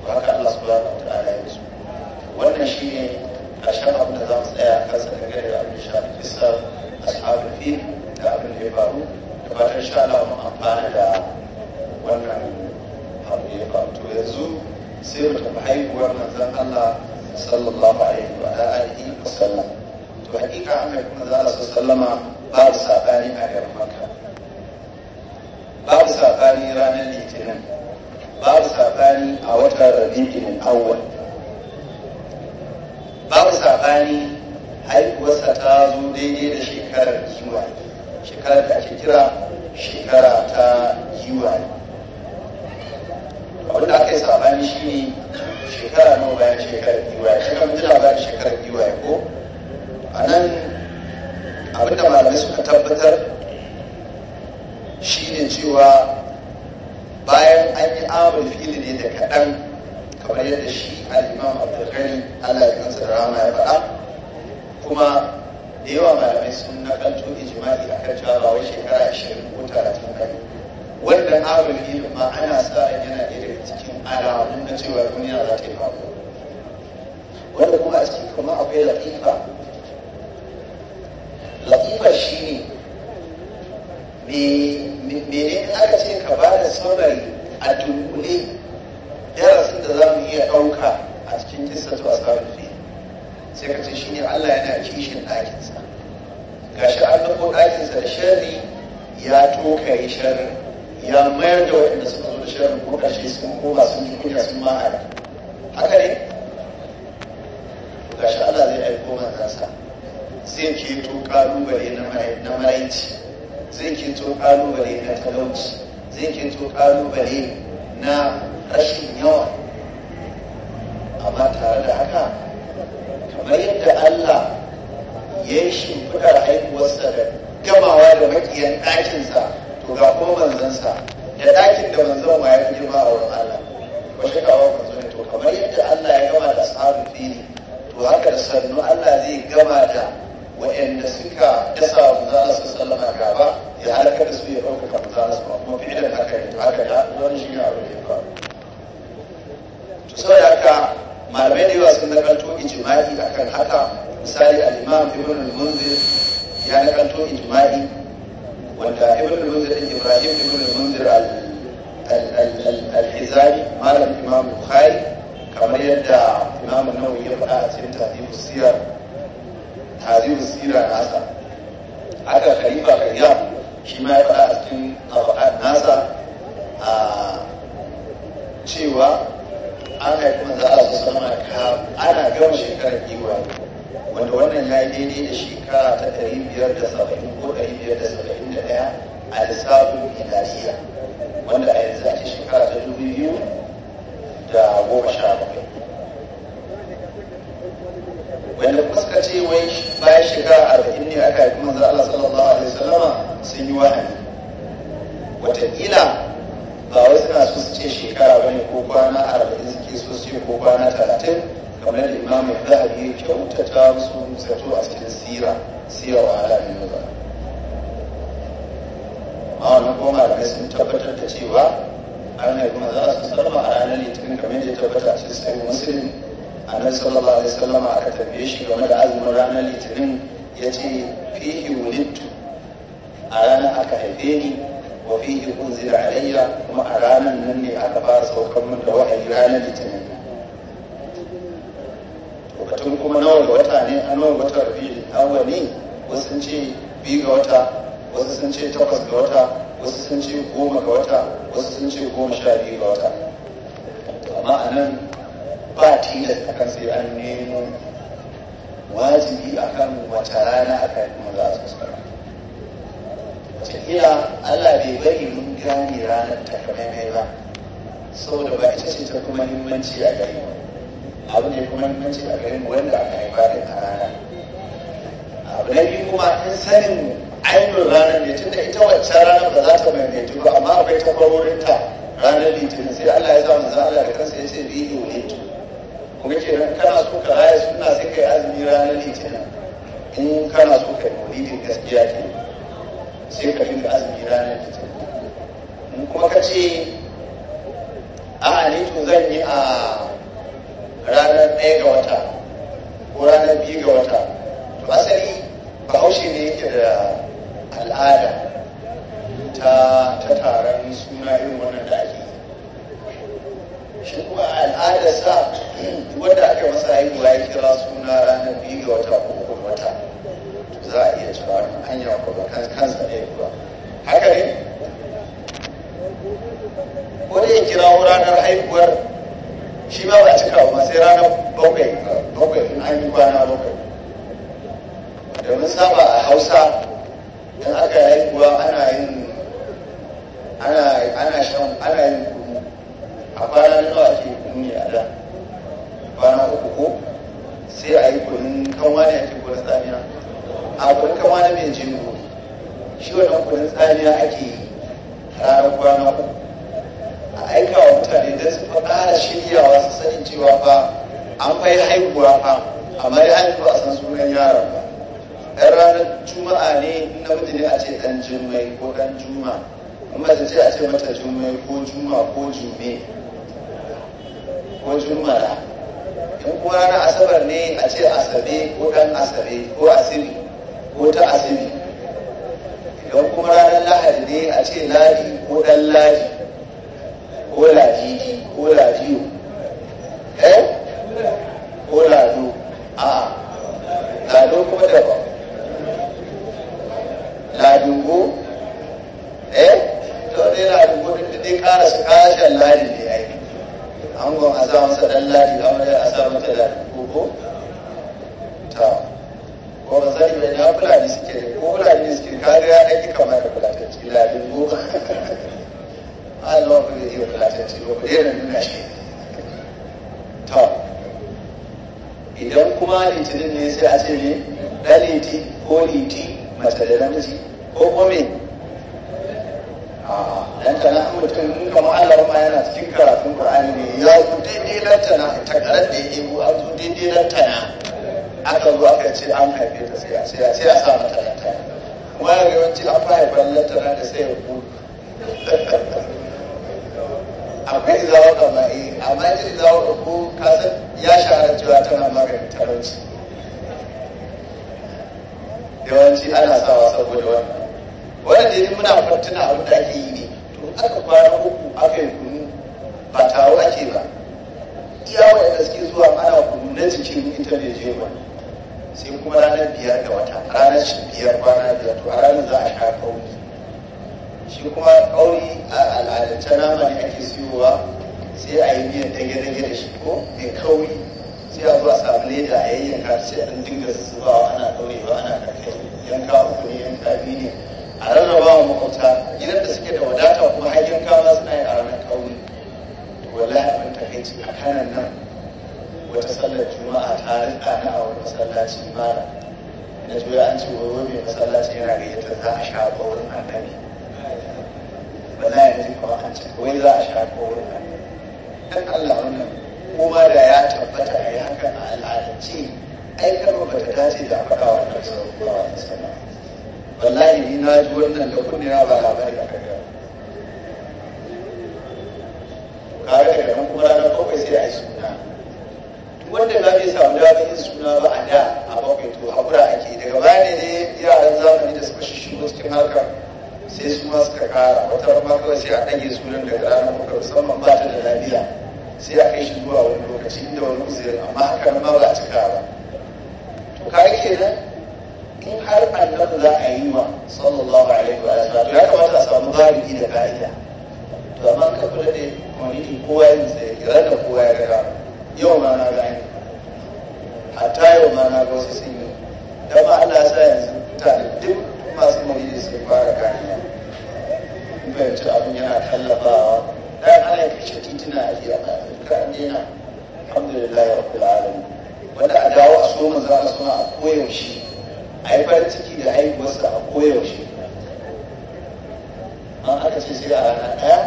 haka Allah subhanahu wa ta'ala ya so wannan shi ne ƙarshen abin da za mu tsaya kansa da gare da abin shafi fiskar ashabu fi da abin da faru da fatan sha Allah mun amfana da wannan abu da faru to sai mu tafi haihuwar manzon Allah sallallahu alaihi wa alihi wa sallam to hakika an haifi manzon Allah sallallahu babu sabani a garin Makka babu sabani ranar Litinin babu sabani a watan Rabi'ul Awwal babu sabani haihuwarsa ta zo daidai da shekarar giwa shekarar da ake kira shekara ta giwa abin da aka yi sabani shi ne shekara nawa bayan shekarar giwa shekarar jina bayan shekarar giwa ko a nan abin da malamai suka tabbatar shi ne cewa bayan an yi amurfi da ne da kaɗan kamar yadda shi al'imam abdulkani allah ya kansa rama ya faɗa kuma da yawa malamai sun nakalto ijma'i a kan cewa ba wai shekara ashirin ko talatin ba wannan abin ilimi ma ana sa ran yana ɗaya daga cikin alamun na cewa duniya za ta yi faɗo wanda kuma a cikin kuma akwai laƙifa laƙifa shi ne mene aka ce ka ba da saurari a dunkule sun da za iya ɗauka a cikin kissatu a sabon sai ka ce shine Allah yana kishin ɗakinsa ga shi an ɗauko ɗakinsa da shari ya yi shari ya mayar da waɗanda suka zo da ko ƙashe sun koma sun yi kunya sun mahara haka ne ga shi Allah zai aiko manzansa zai to ƙalubale na maraici zai to ƙalubale na talauci zai to ƙalubale na rashin yawa tare da haka kamar yadda Allah ya yi shimfiɗar haihuwarsa da gamawa da maƙiyan ɗakinsa to ga kuma manzansa da ɗakin da manzan ma ya fi girma a wurin Allah ba shi kawo manzo ne to kamar yadda Allah ya gama da tsarin fili to haka da sannu Allah zai gama da waɗanda suka dasa manzo Allah su sallama gaba ya halaka da su ya ɗaukaka manzo Allah su kuma fi'ilan haka ne haka da wani shi ne abu da ya faru. To saboda haka malamai da yawa sun nakalto ijma'i akan haka misali al-imam ibn al-munzir ya nakalto ijma'i wanda ibn al-munzir ibrahim ibn al-munzir al-hizari malam imam bukhari kamar yadda imam nawawi ya faɗa a cikin tarihi siyar tarihi siyar nasa haka khalifa kayyab shi ma ya faɗa a cikin tabaqat nasa a cewa Ana an haifi manzo a ta sama ana gama shekarar giwa wanda wannan ya yi daidai da shekara ta ɗari biyar da saba'in ko ɗari biyar da saba'in da ɗaya a lissafin miladiya wanda a yanzu a ce shekara ta dubu biyu da goma sha bakwai wanda fuska ce wai bayan shekara arba'in ne aka haifi manzo Allah sallallahu alaihi wasallama sun yi wahayi watakila. ba wai suna su ce shekara ba ne ko kwana arba'in suke so su ce ko kwana talatin kamar da imamu zahabi ya kyautata su zato a cikin sira sira wa alamin ba a wannan kuma malamai sun tabbatar da cewa an kuma za su salma a ranar litinin kamar da ya tabbata a cikin sahihin musulmi annabi sallallahu alaihi wasallam aka tabbe shi game da azumin ranar litinin ya ce fihi wulittu a ranar aka haife ni wa fihi unzila alayya kuma a ranar nan ne aka fara saukar min da wahayi ranar litinin lokacin kuma nawa ga wata ne a nawa wata rabiul awwali wasu sun ce biyu ga wata wasu sun ce takwas ga wata wasu sun ce goma ga wata wasu sun ce goma sha biyu ga wata amma a nan ba tilas akan sai an nemo wajibi akan wata rana aka yi kuma za a so tafiya Allah bai bari mun gane ranar ta takamaimai ba saboda ba ita ce ta kuma muhimmanci a gari abu ne kuma muhimmanci a gari mu wanda aka haifa da ta rana abu na biyu kuma in sanin ainihin ranar ne tunda ita wacce ranar ba za ta maimaitu ba amma akwai ta ranar litinin sai Allah ya zama zan Allah da kansa ya ce biyu ne kuma ke kana so ka raya suna sai kai azumi ranar litinin in kana so ka yi gaskiya ke sai ka dinga azumi ranar in kuma ka ce a ni to zan yi a ranar ɗaya ga wata ko ranar biyu ga wata to asali bahaushe ne yake da al'ada ta ta taron suna irin wannan da ake shi kuma al'adarsa wanda aka masa haihuwa ya kira suna ranar biyu ga wata ko wata za a iya cewa an yi ko ba kan kansa ɗaya ba haka ne ko da kira ranar haihuwar shi ba ba cika ba sai ranar bakwai bakwai in an yi kwana bakwai domin saba a hausa in aka haihuwa ana yin ana ana shan ana yin kunu a kwana nawa ake kunu a da kwana uku ko sai a yi kunun kanwa ne ake kunun tsamiya a kuma kama na mai jini shi wannan kudin tsariya ake ranar kwana ku a aika wa mutane don su faɗa shiryawa su sanin cewa fa an bai haihuwa fa amma ya haihuwa a san sunan yaron ba ɗan ranar juma'a ne na namiji ne a ce ɗan jummai ko ɗan juma da ce a ce mata jummai ko juma ko jume ko juma'a in ko na asabar ne a ce asabe ko ɗan asabe ko asiri ko ta asibi idan kuma ranar lahadi ne a ce ladi ko dan ladi ko ladidi ko ladiyo eh to za a ka kauri shi kuma kauri a al'adance nama ne ake siyowa sai a yi biyan dage-dage da shi ko mai kauri sai a zuwa samu leda a yayyanka sai an dinga wa ana ba ana karfe yanka uku ne yanka biyu ne a rarraba wa makwabta gidan da suke da wadata kuma har yanka suna yi a ranar kauri wallahi abin takaici a kanan nan wata sallar juma'a ta rika na a wani masallaci mara da su an ce wani mai masallaci yana ga yadda za a sha wurin annabi yanzu kuma an ce wai za a sha wurin dan Allah wannan kuma da ya tabbata a yi haka a al'adance ai ba ta da faɗa wa annabi sallallahu wallahi ni na ji wannan da kunne na ba labari a kan ka ga da wanda ba zai samu daɗin suna ba a da a bakwai to haƙura ake daga baya ne yaran zamani da suka wasu cikin haka sai su ma suka kara wata ma kawai sai a ɗage sunan daga ranar bakwai musamman ba ta da lafiya sai a kai shi zuwa wani lokaci inda wani uzirin amma haka ma ba a cika ba to ka ke nan in har annabi za a yi wa sallallahu alaihi wa sallam ya kamata a samu galibi da ka'ida to amma ka kula da kwanitin kowa yin tsaye kira da kowa ya gaba yau ma na a hatta yau ma na ga wasu sun yi don ma Allah sa yanzu mutane duk masu mawuyi sun fara kariya fahimci abin yana tallafawa dan ana kashe tituna a jiya kan dina alhamdulillah ya rabbul alamin wanda a dawo a so manzo a suna a koyaushe a yi farin ciki da haihuwarsa a koyaushe an aka ce sai a rana ɗaya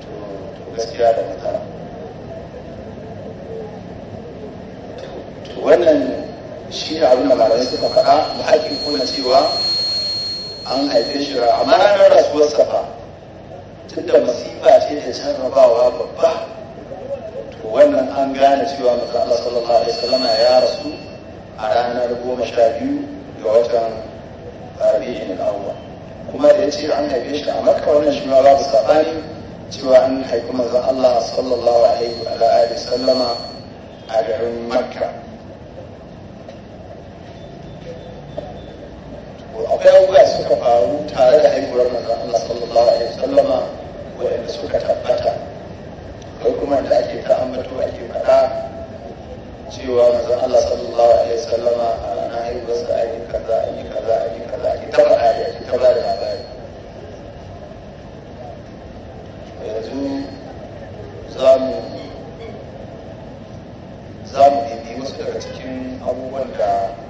to gaskiya da matsala wannan shi da abin da malamai suka faɗa da ake kuna cewa an haife shi ra amma ranar rasuwar safa tunda masifa ce da sarrafawa babba to wannan an gane cewa masu Allah sallallahu alaihi wasallam ya rasu a ranar goma sha biyu ga watan rabi'in awwa kuma da ya ce an haife shi a makka wannan shi ma babu sabani cewa an haifi manzon Allah sallallahu alaihi wa alihi a garin makka abubuwa suka faru tare da haihuwar manzon Allah sallallahu alaihi wasallama waɗanda suka tabbata ko kuma da ake ka ambato ake faɗa cewa manzon Allah sallallahu alaihi wasallama a ranar haihuwarsa a yi kaza a yi kaza a yi kaza a yi ta faɗa a ta ba da labari yanzu za mu za mu yi wasu daga cikin abubuwan da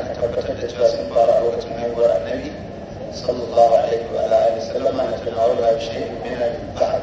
أن تفتح جواز مباراة وتنور النبي صلى الله عليه وعلى آله وسلم أن تناولها بشيء من البحر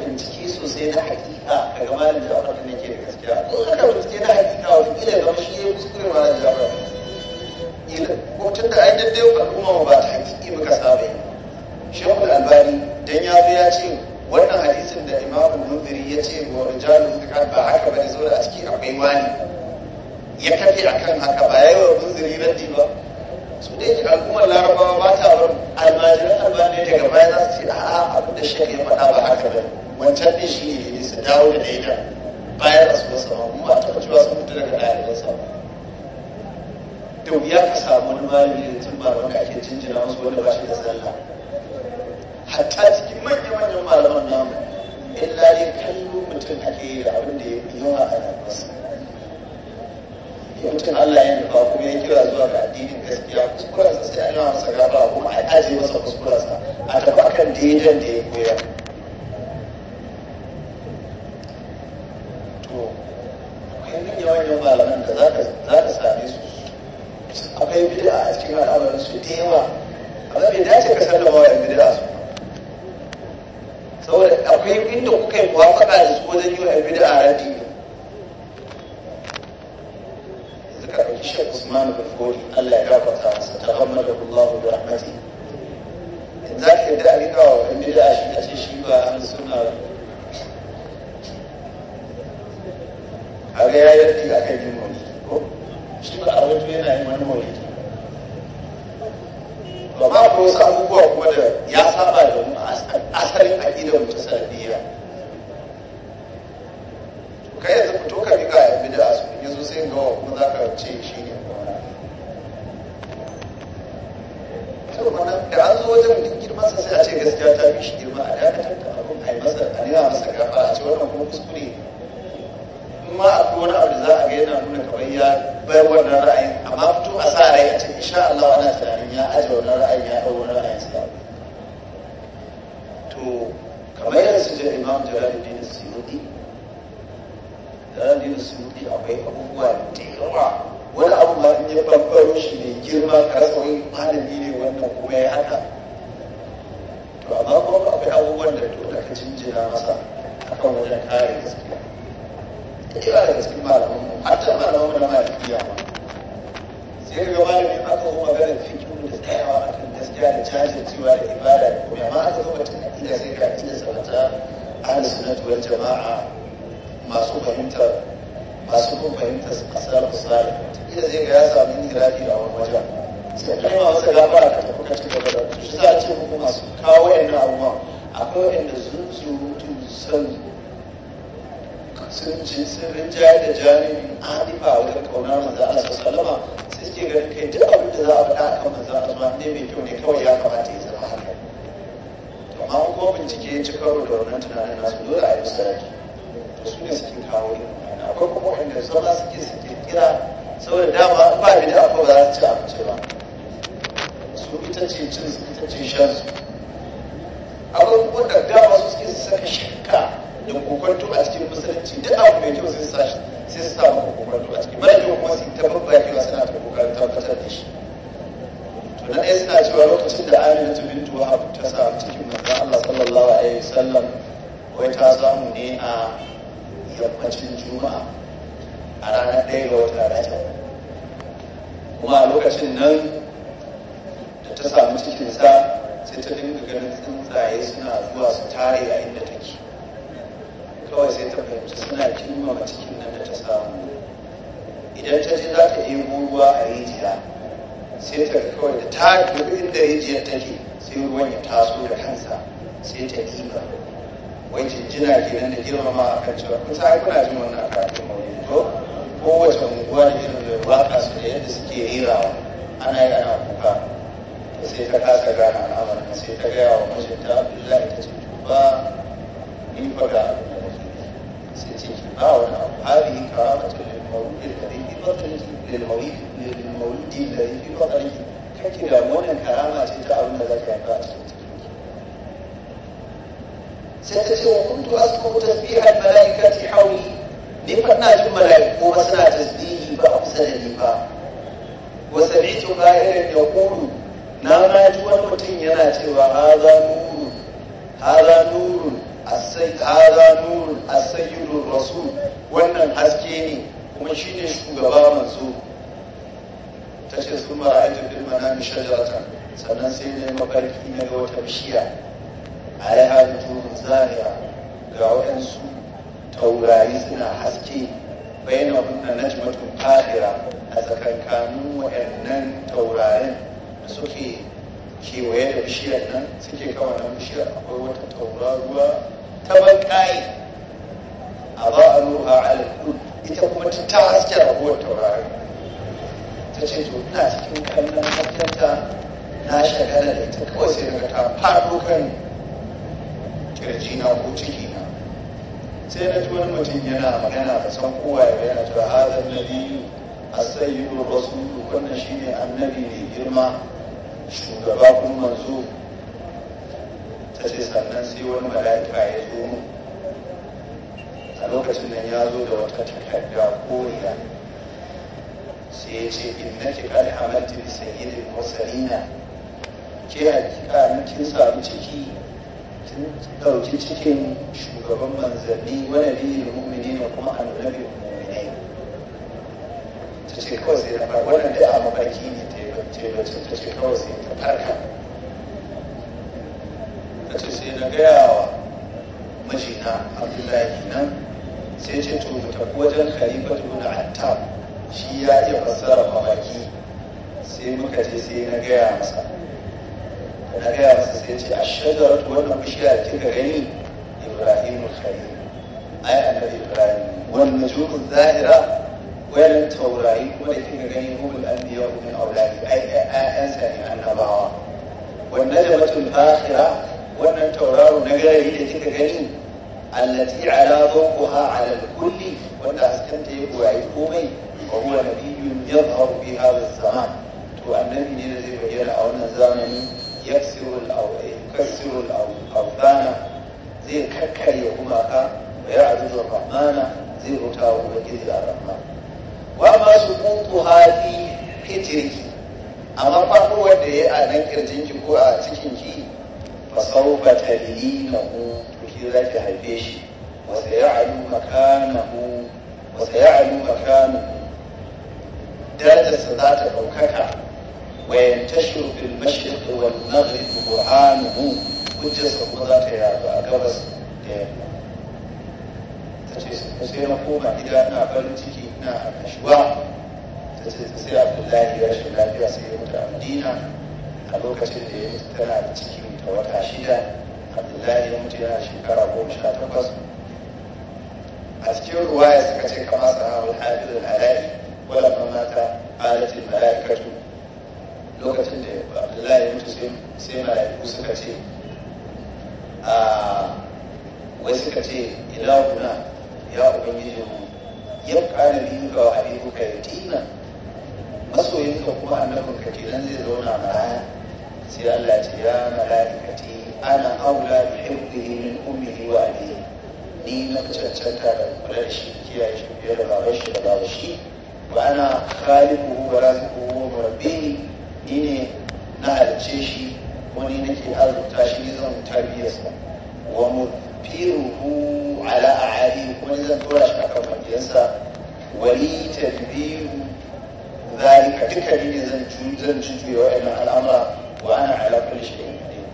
binciki sosai na hakika ka ga da Ja'far ne ke gaskiya ko ka bincike na hakika wani kila ga shi ya kuskure malam Ja'far ko tun da ai daddai al'umma ba ta hakiki muka saba yi Shehu Al-Albani dan ya zo ya ce wannan hadisin da Imam Munziri ya ce wa rijalun thiqat ba haka ba bane zo da a ciki akwai wani ya kafe akan haka ba yayi wa Munziri raddi ba su dai al'ummar larabawa ba ta bar almajiran albani daga baya za su ce a'a abin da shek ya faɗa ba haka ba wancan ɗin shi ne su dawo da laida bayan rasuwarsa ba kuma a taɓa cewa sun fita daga ɗalibansa ba da wuya ka samu wani malami da tun malaman ka ake jinjina musu wanda ba shi da tsalla. hatta cikin manyan manyan malaman namu illa dai kallo mutum ake yi da abin da ya yi yawa a nan mutum Allah ya nufa kuma ya kira zuwa ga addinin gaskiya kuskurarsa sai ana masa gaba kuma a ajiye masa kuskurarsa a tafi akan daidan da ya koya dawo ana tunanin ya aje wani ra'ayin ya ɗau wani ra'ayin sa to kamar yadda su je imam jalaluddin suyuti jalaluddin suyuti akwai abubuwa da yawa wani abu ma in ya bambaro shi mai girma ka rasa wani malami ne wannan kuma ya haka to amma kuma akwai abubuwan da dole ka jinjina masa akan wajen kare gaskiya ita da gaskiya malaman mu har ta malaman mu na malikiya ma sunnati wal jama'a masu fahimtar masu kun fahimtar su kasar misali ita zai ga ya samu yin rafi a wani wajen sai kuma gabara ka tafi ka cika gaba shi za a ce masu kawo akwai san sun ci sun rinjaye da jami'in wajen kaunar Allah sai suke ganin kai duk abin da za a faɗa Allah ne mai kyau ne kawai ya kamata ya amma an kuma bincike ya ci karo da wannan tunanin nasu dole a yi sarari to su ne suke kawo akwai kuma wanda su ma suke su kirkira saboda dama ba da da akwai ba za su ba su ita ce cin su ita ce shan su abubuwan da dama su suke saka shakka da kokonto a cikin musulunci duk abu mai kyau sai su sa sai su sa kokonto a cikin mara kyau kuma su ta babba kyau suna ta kokarin tabbatar da shi sannan suna cewa lokacin da aminatu bintu wahab ta samu cikin manzon Allah sallallahu alaihi wasallam wai ta zamu ne a yammacin juma'a a ranar ɗaya ga wata rajab kuma a lokacin nan da ta samu cikinsa sai ta dinga ganin tsuntsaye suna zuwa su tare a inda take kawai sai ta fahimci suna kimma cikin nan da ta samu idan ta ji za ta ɗebo ruwa a rijiya sai ta kawai da ta duk inda rijiya take sai ruwan ya taso da kansa sai ta ɗiba wai jinjina ke nan da girmama a kan cewa kusa sai kuna jin wannan akwai mawuyi to kowace unguwa da irin da waka su da yadda suke rirawa ana yi ana kuka sai ka kasa gane al'amarin sai ka gaya wa mijinta abdullahi ta ce ba ni fa ga sai ce ki ba wani abu hari ka ka ce lil mawuyi da rinki ba ta da mawuyi lil maulidi kake da wannan karama ce ta abin da a sai ta ce wa kuntu asku tasbihal malaikati hawli ni fa na jin malaiku ba suna tasbihi ba a kusa da ni ba wa sami'tu qa'ilan yaqulu na ma ji wani mutum yana cewa haza nurun haza asai haza nurun asayyidur rasul wannan haske ne kuma shine shugaba manzo ta ce su ma a tafi da shajarata sannan sai ne mafarki na ga wata bishiya a yi halittu zariya ga waɗansu taurari suna haske bayan na jimatun fadira a tsakankanin waɗannan taurarin da suke kewaye da bishiyar nan suke kawo na bishiyar akwai wata tauraruwa ta bankaye a ba a ruha alkul ita kuma ta haske raguwar taurarin ta ce ina cikin kallon haftarta na shagala da ita kawai sai daga ta faɗo kan kirji na ko ciki na sai na ji wani mutum yana magana ba san kowa ya yana cewa hazan nabi asayyidu rasulu wannan annabi ne girma shugaba kuma manzo ta ce sannan sai wani mala'ika ya zo mu a lokacin nan ya zo da wata takarda koriya sai ce inna ki kan hamalti bi sayyidil mursalina ke hakika nan kin samu ciki kin dauki cikin shugaban manzanni wa nabiyil mu'minin kuma annabiyul mu'minin ta ce kawai sai ta farka wannan da a mafarki ne ta yi bacci ta ce kawai sai ta farka ta ce sai na gaya wa mijina abdullahi nan sai ce to ta wajen khalifa ibn attab shi ya iya fassara mafaki sai muka je sai na gaya masa na gaya masa sai ce a shagar wannan bishiya da kika gani ibrahim khalil ai annabi ibrahim wannan nujum zahira wayan taurari kuma da kika gani hukul anbiya wa min auladi ai ayan sa ne annabawa wannan jamatul akhira wannan tauraro na gari da kika gani allati ala dawquha ala al-kulli wanda hasken ta yi goyayi komai وهو نبي يظهر في هذا الزمان هو النبي الذي بين أولنا زمني يكسر الأو يكسر الأوثان زي ككر يهمك ويعبد الرحمن زي رتاو وجد الرحمن وما سقوط هذه كترك أما فهو ده أنا كرجنك كو أتكنك فسوف تلينه وكذا تهبيش وسيعلو مكانه وسيعلو مكانه darajarsa za ta ɗaukaka wa yantashu fil mashriq wal maghrib burhanuhu hujjarsa kuma za ta yaɗu a gabas da yamma ta ce sai na koma gida ina farin ciki ina annashuwa ta ce sai abdullahi ya rashin lafiya sai ya mutu a madina a lokacin da ya mutu tana da ciki ta wata shida abdullahi ya mutu yana shekara goma sha takwas a cikin ruwaya suka ce kamar sahabul hafizul ala'i wala mata qalat al malaikatu lokacin da Abdullahi ya mutu sai malaiku suka ce a wai suka ce ilahuna ya ubangiji mu ya kana biyu ga habibuka yatima masoyinka kuma annabinka kenan zai zauna maraya sai Allah ce ya malaikati ana aula bi hibbihi min ummihi wa abihi ni na cancanta da kula da shi kiyaye shi biyar da babashi shi da babar shi wa ana khaliquhu wa raziquhu wa murabbihi ni ne na halice shi ko ni nake arzuta shi ne zan tarbiyarsa wa mutfiruhu ala a'ali ko ni zan tura shi akan mabiyansa wali tadbiru zalika duka ni ne zan zan cuce wa'annan al'amura wa ana ala kulli shay'in qadir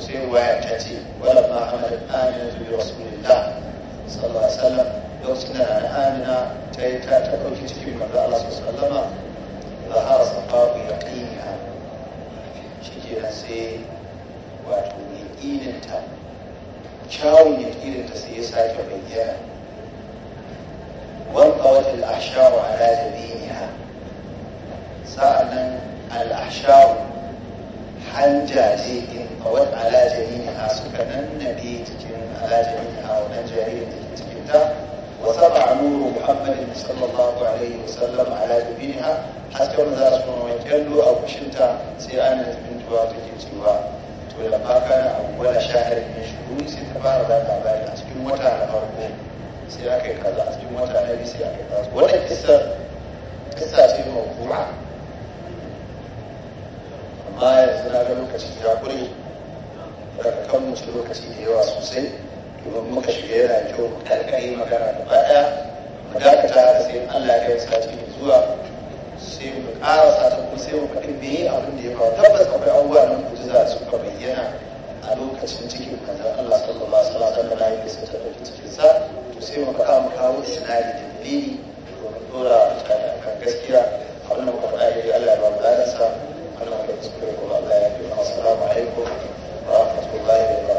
sai wa ta ce wala ma hamalat aminu bi rasulillah sallallahu alaihi wasallam da wasu tunanin amina ta yi ta ta ɗauki cikin manzo Allah su sallama za a rasa babu ya ƙinya shi ke nan sai wato ya ƙininta kyawun ya ƙininta sai ya sake bayyana wanka wata al'ashawa ala jami'a sa'annan al'ashawa hanjaje in kawai ala jami'a suka nan nade cikin ala jami'a wannan jaririn da ke cikin ta وسطع نور محمد صلى الله عليه وسلم على نبيها حتى من ذا سبحانه وتعالى أو شنتا من بنت الجنسيوها سوا ولما كان أول شاهر من شهور سيتبار ذات عباد أسكن وتا لفرقه سيأكل كذا أسكن وتا نبي سيأكل كذا ولا كسا كسا ce mawuwa amma yanzu na ga lokaci ya kure daga kan domin muka shiga yana kyau mu magana da baya dakata da sai Allah ya sa shi zuwa sai mu ƙara sata ko sai mu faɗi me abin da ya kawo tabbas akwai abubuwa na mu'jiza su ka bayyana a lokacin cikin manzon Allah sallallahu alaihi wasallam da nayi sai ta dauki cikin sa to sai mu faɗa mu kawo sinari da dalili domin dora kan gaskiya abin da muka faɗa da Allah ba mu ladansa Allah ya tsare ku Allah ya yi assalamu alaikum wa rahmatullahi wa barakatuh